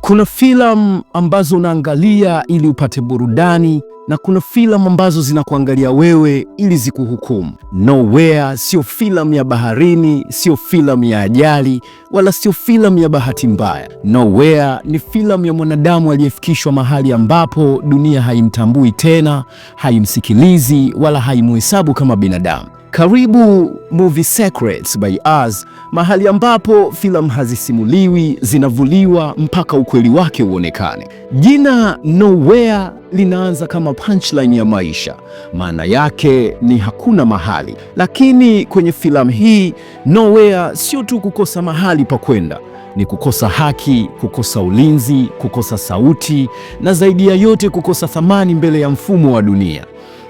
Kuna filamu ambazo unaangalia ili upate burudani na kuna filamu ambazo zinakuangalia wewe ili zikuhukumu. Nowhere sio filamu ya baharini, sio filamu ya ajali, wala sio filamu ya bahati mbaya. Nowhere ni filamu ya mwanadamu aliyefikishwa mahali ambapo dunia haimtambui tena, haimsikilizi wala haimuhesabu kama binadamu. Karibu Movie Secrets by Us, mahali ambapo filamu hazisimuliwi, zinavuliwa mpaka ukweli wake uonekane. Jina Nowhere linaanza kama punchline ya maisha, maana yake ni hakuna mahali, lakini kwenye filamu hii Nowhere sio tu kukosa mahali pa kwenda ni kukosa haki, kukosa ulinzi, kukosa sauti na zaidi ya yote kukosa thamani mbele ya mfumo wa dunia.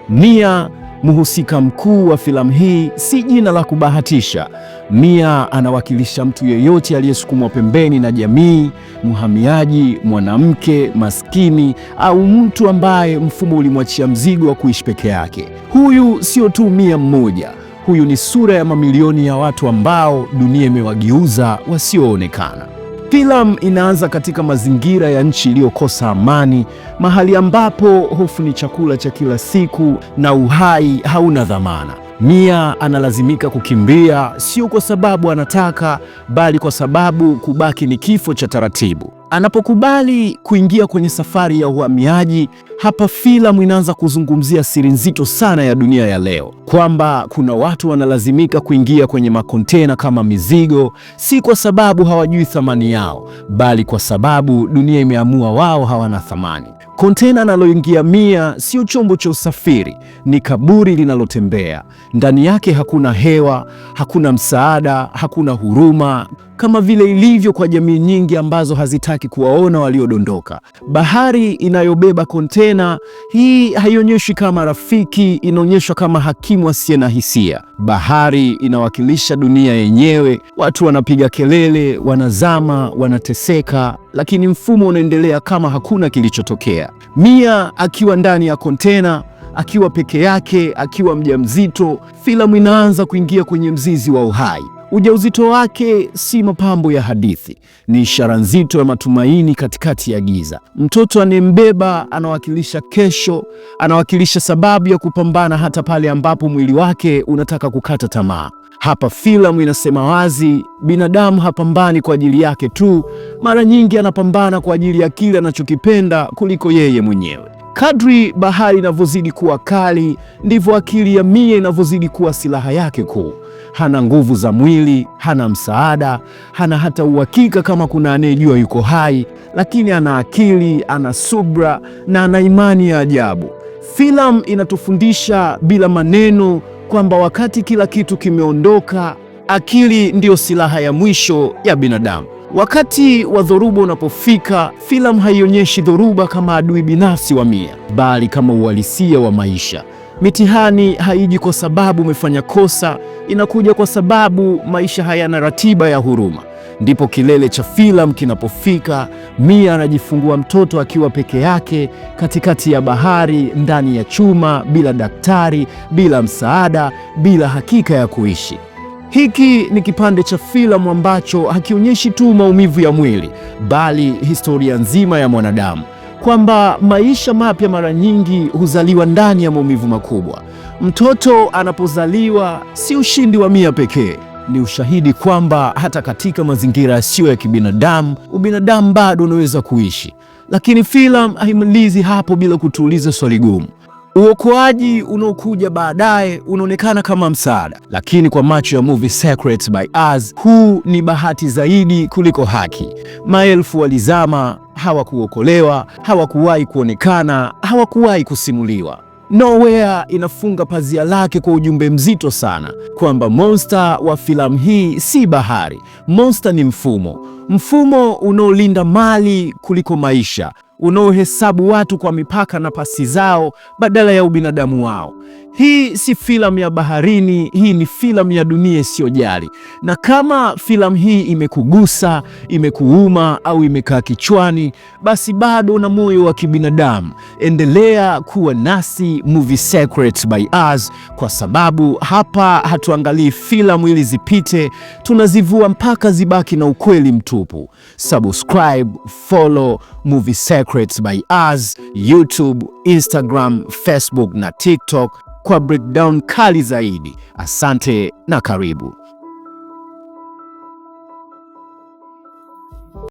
Nia Mhusika mkuu wa filamu hii si jina la kubahatisha. Mia anawakilisha mtu yeyote aliyesukumwa pembeni na jamii, mhamiaji, mwanamke maskini, au mtu ambaye mfumo ulimwachia mzigo wa kuishi peke yake. Huyu sio tu Mia mmoja, huyu ni sura ya mamilioni ya watu ambao dunia imewageuza wasioonekana. Filamu inaanza katika mazingira ya nchi iliyokosa amani, mahali ambapo hofu ni chakula cha kila siku na uhai hauna dhamana. Mia analazimika kukimbia, sio kwa sababu anataka, bali kwa sababu kubaki ni kifo cha taratibu. Anapokubali kuingia kwenye safari ya uhamiaji, hapa filamu inaanza kuzungumzia siri nzito sana ya dunia ya leo, kwamba kuna watu wanalazimika kuingia kwenye makontena kama mizigo, si kwa sababu hawajui thamani yao, bali kwa sababu dunia imeamua wao hawana thamani. Kontena analoingia Mia sio chombo cha usafiri, ni kaburi linalotembea. Ndani yake hakuna hewa, hakuna msaada, hakuna huruma, kama vile ilivyo kwa jamii nyingi ambazo hazitaki kuwaona waliodondoka. Bahari inayobeba kontena tena. Hii haionyeshi kama rafiki, inaonyeshwa kama hakimu asiye na hisia. Bahari inawakilisha dunia yenyewe. Watu wanapiga kelele, wanazama, wanateseka, lakini mfumo unaendelea kama hakuna kilichotokea. Mia akiwa ndani ya kontena akiwa peke yake, akiwa mjamzito, filamu inaanza kuingia kwenye mzizi wa uhai. Ujauzito wake si mapambo ya hadithi, ni ishara nzito ya matumaini katikati ya giza. Mtoto anayembeba anawakilisha kesho, anawakilisha sababu ya kupambana hata pale ambapo mwili wake unataka kukata tamaa. Hapa filamu inasema wazi, binadamu hapambani kwa ajili yake tu. Mara nyingi anapambana kwa ajili ya kile anachokipenda kuliko yeye mwenyewe. Kadri bahari inavyozidi kuwa kali, ndivyo akili ya Mie inavyozidi kuwa silaha yake kuu hana nguvu za mwili, hana msaada, hana hata uhakika kama kuna anayejua yuko hai, lakini ana akili, ana subra na ana imani ya ajabu. Filamu inatufundisha bila maneno kwamba wakati kila kitu kimeondoka, akili ndiyo silaha ya mwisho ya binadamu. Wakati wa dhoruba unapofika, filamu haionyeshi dhoruba kama adui binafsi wa Mia, bali kama uhalisia wa maisha. Mitihani haiji kwa sababu umefanya kosa, inakuja kwa sababu maisha hayana ratiba ya huruma. Ndipo kilele cha filamu kinapofika. Mia anajifungua mtoto akiwa peke yake katikati ya bahari, ndani ya chuma, bila daktari, bila msaada, bila hakika ya kuishi. Hiki ni kipande cha filamu ambacho hakionyeshi tu maumivu ya mwili, bali historia nzima ya mwanadamu kwamba maisha mapya mara nyingi huzaliwa ndani ya maumivu makubwa. Mtoto anapozaliwa si ushindi wa mia pekee, ni ushahidi kwamba hata katika mazingira yasiyo ya kibinadamu, ubinadamu bado unaweza kuishi. Lakini filamu haimalizi hapo bila kutuuliza swali gumu. Uokoaji unaokuja baadaye unaonekana kama msaada, lakini kwa macho ya movie Secret by Us, huu ni bahati zaidi kuliko haki. Maelfu walizama hawakuokolewa, hawakuwahi kuonekana, hawakuwahi kusimuliwa. Nowhere inafunga pazia lake kwa ujumbe mzito sana kwamba monster wa filamu hii si bahari. Monster ni mfumo, mfumo unaolinda mali kuliko maisha, unaohesabu watu kwa mipaka na pasi zao badala ya ubinadamu wao. Hii si filamu ya baharini, hii ni filamu ya dunia isiyojali. Na kama filamu hii imekugusa, imekuuma au imekaa kichwani, basi bado na moyo wa kibinadamu, endelea kuwa nasi Movie Secrets by Us, kwa sababu hapa hatuangalii filamu ili zipite, tunazivua mpaka zibaki na ukweli mtupu. Subscribe, follow Movie Secrets by Us YouTube, Instagram, Facebook na TikTok kwa breakdown kali zaidi. Asante na karibu.